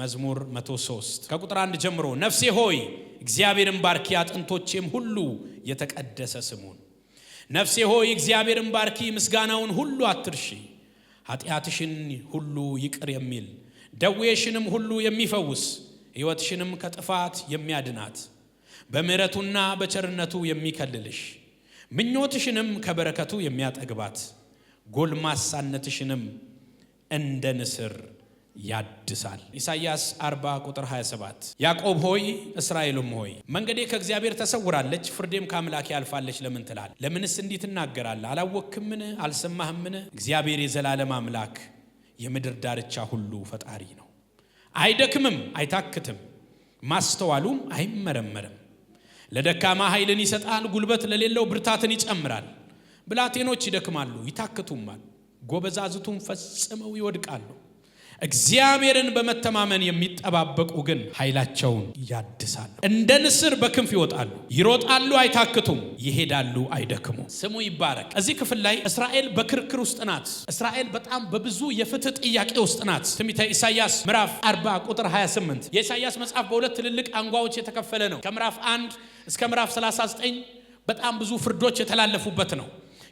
መዝሙር 103 ከቁጥር አንድ ጀምሮ ነፍሴ ሆይ እግዚአብሔርን ባርኪ፣ አጥንቶቼም ሁሉ የተቀደሰ ስሙን። ነፍሴ ሆይ እግዚአብሔርን ባርኪ፣ ምስጋናውን ሁሉ አትርሺ። ኃጢአትሽን ሁሉ ይቅር የሚል ደዌሽንም ሁሉ የሚፈውስ ሕይወትሽንም ከጥፋት የሚያድናት በምሕረቱና በቸርነቱ የሚከልልሽ ምኞትሽንም ከበረከቱ የሚያጠግባት ጎልማሳነትሽንም እንደ ንስር ያድሳል። ኢሳይያስ 40 ቁጥር 27 ያዕቆብ ሆይ እስራኤልም ሆይ መንገዴ ከእግዚአብሔር ተሰውራለች፣ ፍርዴም ከአምላኬ ያልፋለች ለምን ትላል? ለምንስ እንዲህ ትናገራለህ? አላወክምን? አልሰማህምን? እግዚአብሔር የዘላለም አምላክ የምድር ዳርቻ ሁሉ ፈጣሪ ነው። አይደክምም፣ አይታክትም፣ ማስተዋሉም አይመረመርም። ለደካማ ኃይልን ይሰጣል፣ ጉልበት ለሌለው ብርታትን ይጨምራል። ብላቴኖች ይደክማሉ፣ ይታክቱማል፣ ጎበዛዝቱም ፈጽመው ይወድቃሉ። እግዚአብሔርን በመተማመን የሚጠባበቁ ግን ኃይላቸውን ያድሳሉ፣ እንደ ንስር በክንፍ ይወጣሉ፣ ይሮጣሉ አይታክቱም፣ ይሄዳሉ አይደክሙ። ስሙ ይባረክ። እዚህ ክፍል ላይ እስራኤል በክርክር ውስጥ ናት። እስራኤል በጣም በብዙ የፍትህ ጥያቄ ውስጥ ናት። ትንቢተ ኢሳይያስ ምዕራፍ 40 ቁጥር 28 የኢሳይያስ መጽሐፍ በሁለት ትልልቅ አንጓዎች የተከፈለ ነው። ከምዕራፍ 1 እስከ ምዕራፍ 39 በጣም ብዙ ፍርዶች የተላለፉበት ነው።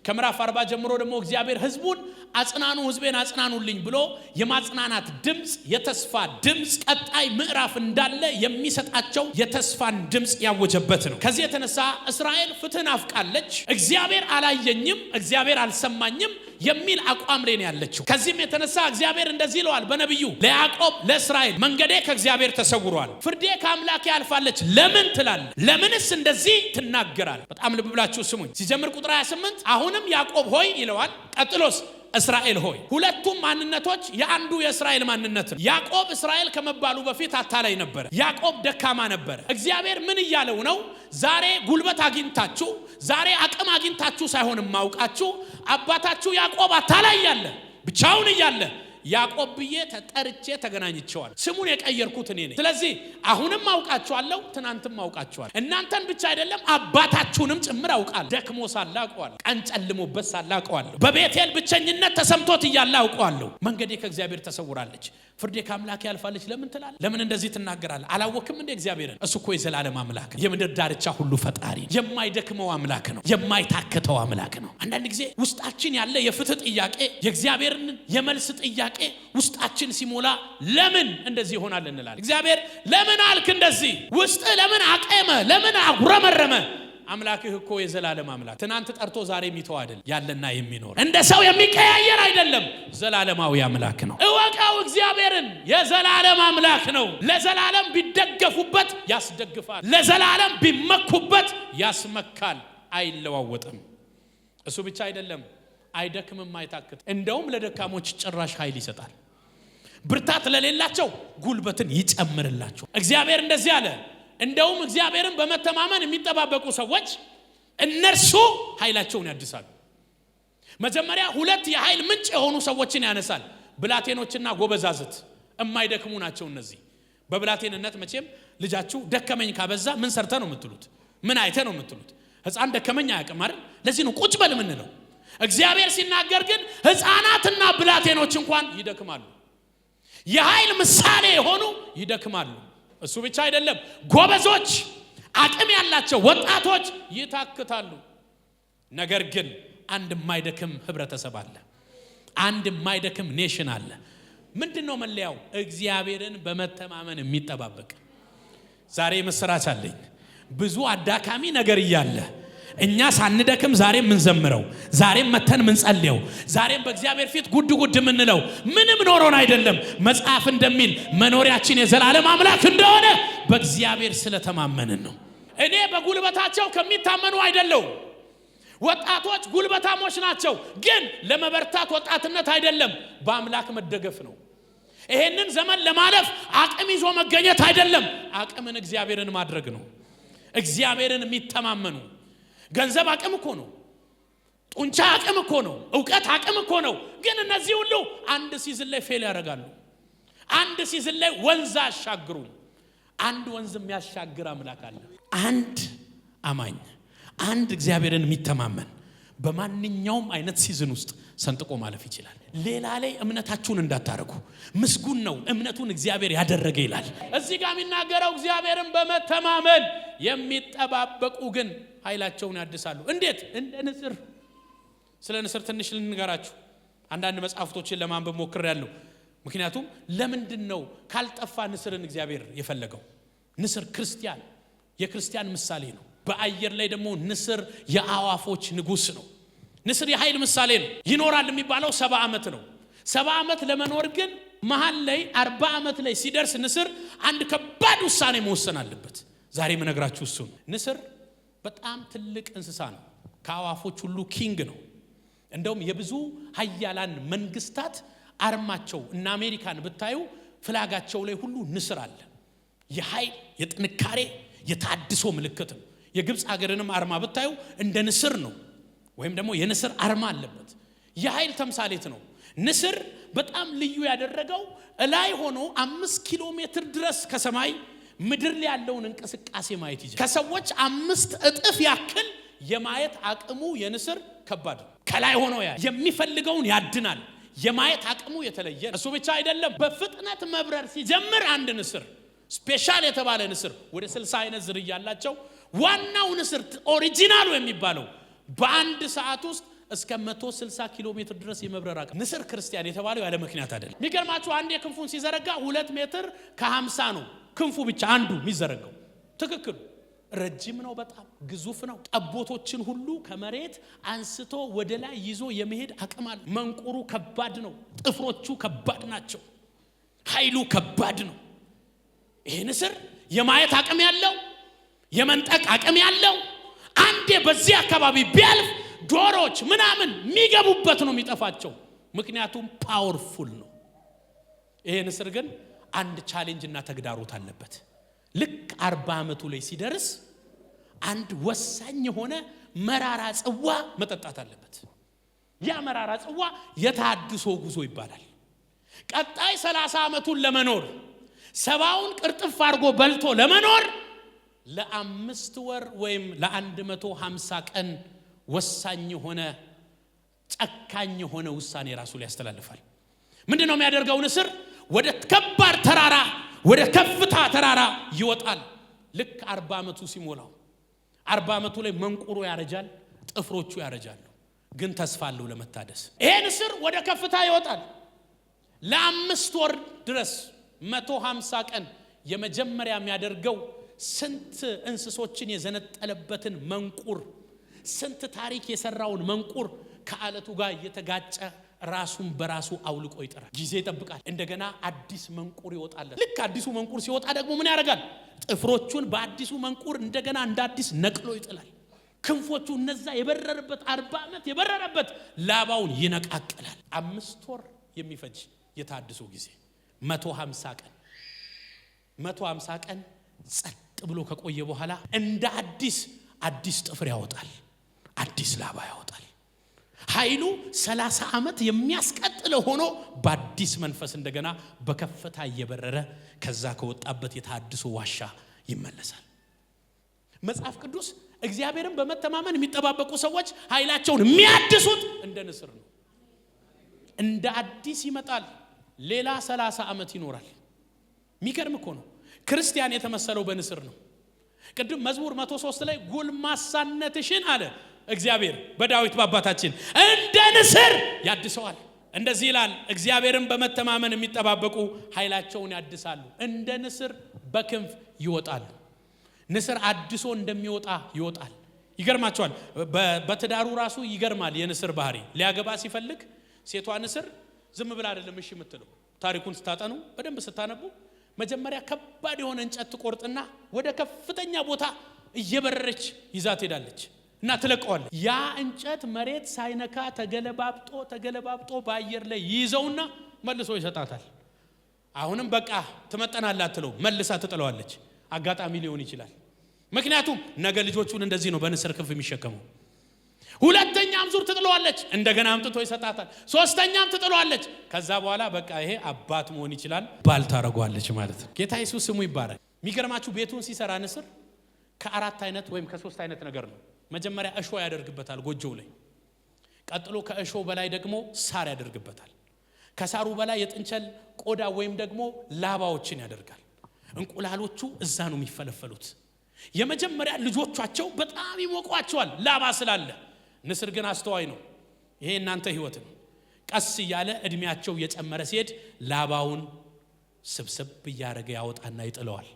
ከምዕራፍ አርባ ጀምሮ ደግሞ እግዚአብሔር ህዝቡን አጽናኑ፣ ህዝቤን አጽናኑልኝ ብሎ የማጽናናት ድምፅ፣ የተስፋ ድምፅ ቀጣይ ምዕራፍ እንዳለ የሚሰጣቸው የተስፋን ድምፅ ያወጀበት ነው። ከዚህ የተነሳ እስራኤል ፍትህን አፍቃለች። እግዚአብሔር አላየኝም፣ እግዚአብሔር አልሰማኝም የሚል አቋም ላይ ነው ያለችው። ከዚህም የተነሳ እግዚአብሔር እንደዚህ ይለዋል በነቢዩ ለያዕቆብ ለእስራኤል መንገዴ ከእግዚአብሔር ተሰውሯል፣ ፍርዴ ከአምላኬ አልፋለች ለምን ትላለ? ለምንስ እንደዚህ ትናገራል? በጣም ልብ ብላችሁ ስሙኝ። ሲጀምር ቁጥር 28 አሁንም ያዕቆብ ሆይ ይለዋል። ቀጥሎስ እስራኤል ሆይ ሁለቱም ማንነቶች የአንዱ የእስራኤል ማንነት ነው። ያዕቆብ እስራኤል ከመባሉ በፊት አታላይ ነበረ። ያዕቆብ ደካማ ነበረ። እግዚአብሔር ምን እያለው ነው? ዛሬ ጉልበት አግኝታችሁ፣ ዛሬ አቅም አግኝታችሁ ሳይሆንም ማውቃችሁ አባታችሁ ያዕቆብ አታላይ እያለ ብቻውን እያለ ያዕቆብ ብዬ ተጠርቼ ተገናኝቸዋል። ስሙን የቀየርኩት እኔ ነኝ። ስለዚህ አሁንም አውቃችኋለሁ፣ ትናንትም አውቃችኋለሁ። እናንተን ብቻ አይደለም አባታችሁንም ጭምር አውቃለሁ። ደክሞ ሳለ አውቀዋለሁ። ቀን ጨልሞበት ሳለ አውቀዋለሁ። በቤቴል ብቸኝነት ተሰምቶት እያለ አውቀዋለሁ። መንገዴ ከእግዚአብሔር ተሰውራለች፣ ፍርዴ ከአምላክ ያልፋለች። ለምን ትላለህ? ለምን እንደዚህ ትናገራለህ? አላወክም እንደ እግዚአብሔርን? እሱ እኮ የዘላለም አምላክ የምድር ዳርቻ ሁሉ ፈጣሪ የማይደክመው አምላክ ነው። የማይታክተው አምላክ ነው። አንዳንድ ጊዜ ውስጣችን ያለ የፍትህ ጥያቄ የእግዚአብሔርን የመልስ ጥያቄ ጥያቄ ውስጣችን ሲሞላ ለምን እንደዚህ ይሆናል እንላል። እግዚአብሔር ለምን አልክ እንደዚህ ውስጥ ለምን አቀመ፣ ለምን አጉረመረመ? አምላክህ እኮ የዘላለም አምላክ ትናንት ጠርቶ ዛሬ የሚተው አይደለም፣ ያለና የሚኖር እንደ ሰው የሚቀያየር አይደለም። ዘላለማዊ አምላክ ነው። እወቀው፣ እግዚአብሔርን የዘላለም አምላክ ነው። ለዘላለም ቢደገፉበት ያስደግፋል፣ ለዘላለም ቢመኩበት ያስመካል። አይለዋወጥም። እሱ ብቻ አይደለም አይደክምም፣ አይታክት። እንደውም ለደካሞች ጭራሽ ኃይል ይሰጣል። ብርታት ለሌላቸው ጉልበትን ይጨምርላቸው። እግዚአብሔር እንደዚህ አለ። እንደውም እግዚአብሔርን በመተማመን የሚጠባበቁ ሰዎች እነርሱ ኃይላቸውን ያድሳሉ። መጀመሪያ ሁለት የኃይል ምንጭ የሆኑ ሰዎችን ያነሳል። ብላቴኖችና ጎበዛዝት የማይደክሙ ናቸው። እነዚህ በብላቴንነት መቼም ልጃችሁ ደከመኝ ካበዛ ምን ሰርተ ነው የምትሉት? ምን አይተ ነው የምትሉት? ህፃን ደከመኝ አያቅም አይደል? ለዚህ ነው ቁጭ በል የምንለው። እግዚአብሔር ሲናገር ግን ሕፃናትና ብላቴኖች እንኳን ይደክማሉ። የኃይል ምሳሌ የሆኑ ይደክማሉ። እሱ ብቻ አይደለም፣ ጎበዞች፣ አቅም ያላቸው ወጣቶች ይታክታሉ። ነገር ግን አንድ የማይደክም ህብረተሰብ አለ። አንድ የማይደክም ኔሽን አለ። ምንድን ነው መለያው? እግዚአብሔርን በመተማመን የሚጠባበቅ ዛሬ ምስራች አለኝ። ብዙ አዳካሚ ነገር እያለ እኛ ሳንደክም ዛሬም ምንዘምረው፣ ዛሬም መተን ምንጸልየው፣ ዛሬም በእግዚአብሔር ፊት ጉድ ጉድ የምንለው ምንም ኖሮን አይደለም። መጽሐፍ እንደሚል መኖሪያችን የዘላለም አምላክ እንደሆነ በእግዚአብሔር ስለተማመንን ነው። እኔ በጉልበታቸው ከሚታመኑ አይደለሁም። ወጣቶች ጉልበታሞች ናቸው፣ ግን ለመበርታት ወጣትነት አይደለም፣ በአምላክ መደገፍ ነው። ይሄንን ዘመን ለማለፍ አቅም ይዞ መገኘት አይደለም፣ አቅምን እግዚአብሔርን ማድረግ ነው። እግዚአብሔርን የሚተማመኑ ገንዘብ አቅም እኮ ነው። ጡንቻ አቅም እኮ ነው። እውቀት አቅም እኮ ነው። ግን እነዚህ ሁሉ አንድ ሲዝን ላይ ፌል ያደርጋሉ። አንድ ሲዝን ላይ ወንዝ አያሻግሩም። አንድ ወንዝ የሚያሻግር አምላክ አለ። አንድ አማኝ፣ አንድ እግዚአብሔርን የሚተማመን በማንኛውም አይነት ሲዝን ውስጥ ሰንጥቆ ማለፍ ይችላል። ሌላ ላይ እምነታችሁን እንዳታረጉ። ምስጉን ነው እምነቱን እግዚአብሔር ያደረገ ይላል። እዚህ ጋር የሚናገረው እግዚአብሔርን በመተማመን የሚጠባበቁ ግን ኃይላቸውን ያድሳሉ። እንዴት? እንደ ንስር። ስለ ንስር ትንሽ ልንገራችሁ። አንዳንድ መጽሐፍቶችን ለማንበብ ያለው ምክንያቱም ለምንድን ነው ካልጠፋ ንስርን እግዚአብሔር የፈለገው? ንስር ክርስቲያን የክርስቲያን ምሳሌ ነው። በአየር ላይ ደግሞ ንስር የአዋፎች ንጉሥ ነው። ንስር የኃይል ምሳሌ ነው። ይኖራል የሚባለው ሰባ ዓመት ነው። ሰባ ዓመት ለመኖር ግን መሀል ላይ አርባ ዓመት ላይ ሲደርስ ንስር አንድ ከባድ ውሳኔ መወሰን አለበት። ዛሬ የምነግራችሁ እሱ ነው። ንስር በጣም ትልቅ እንስሳ ነው። ከአዋፎች ሁሉ ኪንግ ነው። እንደውም የብዙ ሀያላን መንግስታት አርማቸው እና አሜሪካን ብታዩ ፍላጋቸው ላይ ሁሉ ንስር አለ። የኃይል የጥንካሬ፣ የታድሶ ምልክት ነው። የግብፅ ሀገርንም አርማ ብታዩ እንደ ንስር ነው። ወይም ደግሞ የንስር አርማ አለበት። የኃይል ተምሳሌት ነው። ንስር በጣም ልዩ ያደረገው እላይ ሆኖ አምስት ኪሎ ሜትር ድረስ ከሰማይ ምድር ላይ ያለውን እንቅስቃሴ ማየት ይችላል። ከሰዎች አምስት እጥፍ ያክል የማየት አቅሙ የንስር ከባድ ነው። ከላይ ሆኖ ያ የሚፈልገውን ያድናል። የማየት አቅሙ የተለየ እሱ ብቻ አይደለም። በፍጥነት መብረር ሲጀምር አንድ ንስር ስፔሻል የተባለ ንስር ወደ ስልሳ አይነት ዝርያ አላቸው። ዋናው ንስር ኦሪጂናሉ የሚባለው በአንድ ሰዓት ውስጥ እስከ 160 ኪሎ ሜትር ድረስ የመብረር አቅም ንስር ክርስቲያን የተባለው ያለ ምክንያት አይደለም። የሚገርማችሁ አንዴ ክንፉን ሲዘረጋ ሁለት ሜትር ከ50 ነው ክንፉ ብቻ አንዱ የሚዘረጋው ትክክሉ። ረጅም ነው፣ በጣም ግዙፍ ነው። ጠቦቶችን ሁሉ ከመሬት አንስቶ ወደ ላይ ይዞ የመሄድ አቅም አለ። መንቁሩ ከባድ ነው፣ ጥፍሮቹ ከባድ ናቸው፣ ኃይሉ ከባድ ነው። ይሄ ንስር የማየት አቅም ያለው የመንጠቅ አቅም ያለው አንዴ በዚህ አካባቢ ቢያልፍ ዶሮች ምናምን የሚገቡበት ነው የሚጠፋቸው። ምክንያቱም ፓወርፉል ነው። ይሄ ንስር ግን አንድ ቻሌንጅ እና ተግዳሮት አለበት። ልክ አርባ ዓመቱ ላይ ሲደርስ አንድ ወሳኝ የሆነ መራራ ጽዋ መጠጣት አለበት። ያ መራራ ጽዋ የታድሶ ጉዞ ይባላል። ቀጣይ ሰላሳ ዓመቱን ለመኖር ሰባውን ቅርጥፍ አድርጎ በልቶ ለመኖር ለአምስት ወር ወይም ለአንድ መቶ ሃምሳ ቀን ወሳኝ የሆነ ጨካኝ የሆነ ውሳኔ ራሱ ላይ ያስተላልፋል። ምንድ ነው የሚያደርገው? ንስር ወደ ከባድ ተራራ ወደ ከፍታ ተራራ ይወጣል። ልክ አርባ ዓመቱ ሲሞላው አርባ ዓመቱ ላይ መንቁሩ ያረጃል፣ ጥፍሮቹ ያረጃሉ። ግን ተስፋ አለው ለመታደስ። ይሄ ንስር ወደ ከፍታ ይወጣል። ለአምስት ወር ድረስ መቶ ሃምሳ ቀን የመጀመሪያ የሚያደርገው ስንት እንስሶችን የዘነጠለበትን መንቁር ስንት ታሪክ የሰራውን መንቁር ከአለቱ ጋር እየተጋጨ ራሱን በራሱ አውልቆ ይጠራል። ጊዜ ይጠብቃል። እንደገና አዲስ መንቁር ይወጣለን። ልክ አዲሱ መንቁር ሲወጣ ደግሞ ምን ያደርጋል? ጥፍሮቹን በአዲሱ መንቁር እንደገና እንደ አዲስ ነቅሎ ይጥላል። ክንፎቹ እነዛ የበረረበት አርባ ዓመት የበረረበት ላባውን ይነቃቅላል። አምስት ወር የሚፈጅ የታድሶ ጊዜ መቶ ሀምሳ ቀን መቶ ሀምሳ ቀን ጸጥ ብሎ ከቆየ በኋላ እንደ አዲስ አዲስ ጥፍር ያወጣል፣ አዲስ ላባ ያወጣል። ኃይሉ ሰላሳ ዓመት የሚያስቀጥለው ሆኖ በአዲስ መንፈስ እንደገና በከፍታ እየበረረ ከዛ ከወጣበት የታድሶ ዋሻ ይመለሳል። መጽሐፍ ቅዱስ እግዚአብሔርን በመተማመን የሚጠባበቁ ሰዎች ኃይላቸውን የሚያድሱት እንደ ንስር ነው። እንደ አዲስ ይመጣል። ሌላ ሰላሳ ዓመት ይኖራል። የሚገርም እኮ ነው። ክርስቲያን የተመሰለው በንስር ነው። ቅድም መዝሙር መቶ ሶስት ላይ ጎልማሳነትሽን አለ እግዚአብሔር በዳዊት በአባታችን እንደ ንስር ያድሰዋል። እንደዚህ ይላል፣ እግዚአብሔርን በመተማመን የሚጠባበቁ ኃይላቸውን ያድሳሉ፣ እንደ ንስር በክንፍ ይወጣሉ። ንስር አድሶ እንደሚወጣ ይወጣል። ይገርማቸዋል። በትዳሩ ራሱ ይገርማል። የንስር ባህሪ ሊያገባ ሲፈልግ ሴቷ ንስር ዝም ብላ አይደለም እሺ የምትለው። ታሪኩን ስታጠኑ በደንብ ስታነቡ መጀመሪያ ከባድ የሆነ እንጨት ትቆርጥና ወደ ከፍተኛ ቦታ እየበረረች ይዛ ትሄዳለች እና ትለቀዋለች። ያ እንጨት መሬት ሳይነካ ተገለባብጦ ተገለባብጦ በአየር ላይ ይይዘውና መልሶ ይሰጣታል። አሁንም በቃ ትመጠናላ ትለው መልሳ ትጥለዋለች። አጋጣሚ ሊሆን ይችላል። ምክንያቱም ነገ ልጆቹን እንደዚህ ነው በንስር ክንፍ የሚሸከመው። ሁለተኛም ዙር ትጥለዋለች። እንደገና አምጥቶ ይሰጣታል። ሶስተኛም ትጥለዋለች። ከዛ በኋላ በቃ ይሄ አባት መሆን ይችላል ባል ታረጓለች ማለት ነው። ጌታ ኢየሱስ ስሙ ይባረክ። የሚገርማችሁ ቤቱን ሲሰራ ንስር ከአራት አይነት ወይም ከሶስት አይነት ነገር ነው። መጀመሪያ እሾ ያደርግበታል ጎጆው ላይ፣ ቀጥሎ ከእሾ በላይ ደግሞ ሳር ያደርግበታል። ከሳሩ በላይ የጥንቸል ቆዳ ወይም ደግሞ ላባዎችን ያደርጋል። እንቁላሎቹ እዛ ነው የሚፈለፈሉት። የመጀመሪያ ልጆቻቸው በጣም ይሞቋቸዋል ላባ ስላለ ንስር ግን አስተዋይ ነው። ይሄ እናንተ ህይወት ነው። ቀስ እያለ እድሜያቸው የጨመረ ሲሄድ ላባውን ስብስብ እያደረገ ያወጣና ይጥለዋል።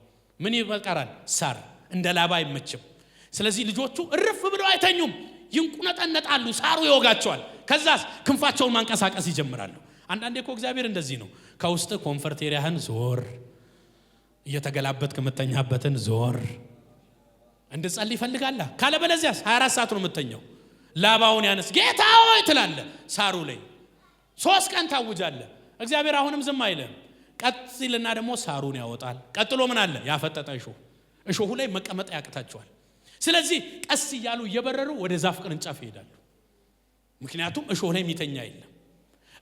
ምን ይበቀራል? ሳር። እንደ ላባ አይመችም። ስለዚህ ልጆቹ እርፍ ብለው አይተኙም፣ ይንቁነጠነጣሉ፣ ሳሩ ይወጋቸዋል። ከዛስ ክንፋቸውን ማንቀሳቀስ ይጀምራሉ። አንዳንዴ እኮ እግዚአብሔር እንደዚህ ነው። ከውስጥ ኮንፈርቴሪያህን ዞር፣ እየተገላበት ከመተኛበትን ዞር እንድጸል ይፈልጋላ። ካለበለዚያስ 24 ሰዓት ነው የምተኘው። ላባውን ያነስ ጌታ ሆይ ትላለ ሳሩ ላይ ሶስት ቀን ታውጃለ። እግዚአብሔር አሁንም ዝም ቀጥ ቀጥልና ደግሞ ሳሩን ያወጣል። ቀጥሎ ምን አለ? ያፈጠጠ እሾ እሾሁ ላይ መቀመጥ ያቅታቸዋል። ስለዚህ ቀስ እያሉ እየበረሩ ወደ ዛፍ ቅርንጫፍ ይሄዳሉ። ምክንያቱም እሾህ ላይ የሚተኛ የለም።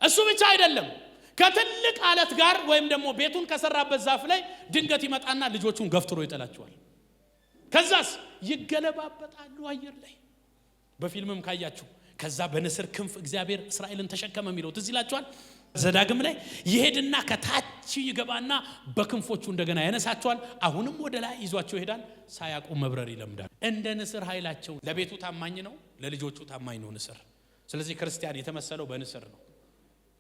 እሱ ብቻ አይደለም። ከትልቅ አለት ጋር ወይም ደግሞ ቤቱን ከሰራበት ዛፍ ላይ ድንገት ይመጣና ልጆቹን ገፍትሮ ይጠላቸዋል። ከዛስ ይገለባበጣሉ አየር ላይ በፊልምም ካያችሁ ከዛ በንስር ክንፍ እግዚአብሔር እስራኤልን ተሸከመ የሚለው ትዝ ይላችኋል። ዘዳግም ላይ ይሄድና ከታች ይገባና በክንፎቹ እንደገና ያነሳቸዋል። አሁንም ወደ ላይ ይዟቸው ይሄዳል። ሳያቁ መብረር ይለምዳል። እንደ ንስር ኃይላቸው ለቤቱ ታማኝ ነው፣ ለልጆቹ ታማኝ ነው ንስር። ስለዚህ ክርስቲያን የተመሰለው በንስር ነው።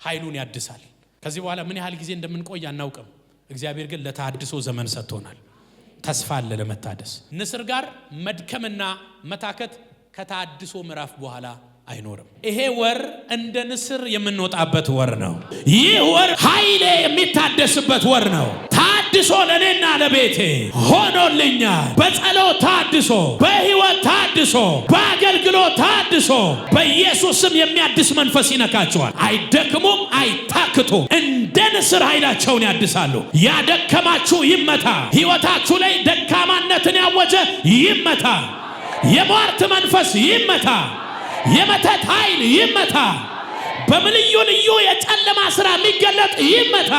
ኃይሉን ያድሳል። ከዚህ በኋላ ምን ያህል ጊዜ እንደምንቆይ አናውቅም። እግዚአብሔር ግን ለታድሶ ዘመን ሰጥቶናል። ተስፋ አለ ለመታደስ። ንስር ጋር መድከምና መታከት ከታድሶ ምዕራፍ በኋላ አይኖርም። ይሄ ወር እንደ ንስር የምንወጣበት ወር ነው። ይህ ወር ኃይሌ የሚታደስበት ወር ነው። ታድሶ ለእኔና ለቤቴ ሆኖልኛል። በጸሎት ታድሶ፣ በሕይወት ታድሶ፣ በአገልግሎት ታድሶ። በኢየሱስም የሚያድስ መንፈስ ይነካቸዋል። አይደክሙም፣ አይታክቱም። እንደ ንስር ኃይላቸውን ያድሳሉ። ያደከማችሁ ይመታ። ሕይወታችሁ ላይ ደካማነትን ያወጀ ይመታ። የሟርት መንፈስ ይመታ፣ የመተት ኃይል ይመታ፣ በምን ልዩ የጨለማ ሥራ የሚገለጥ ይመታ።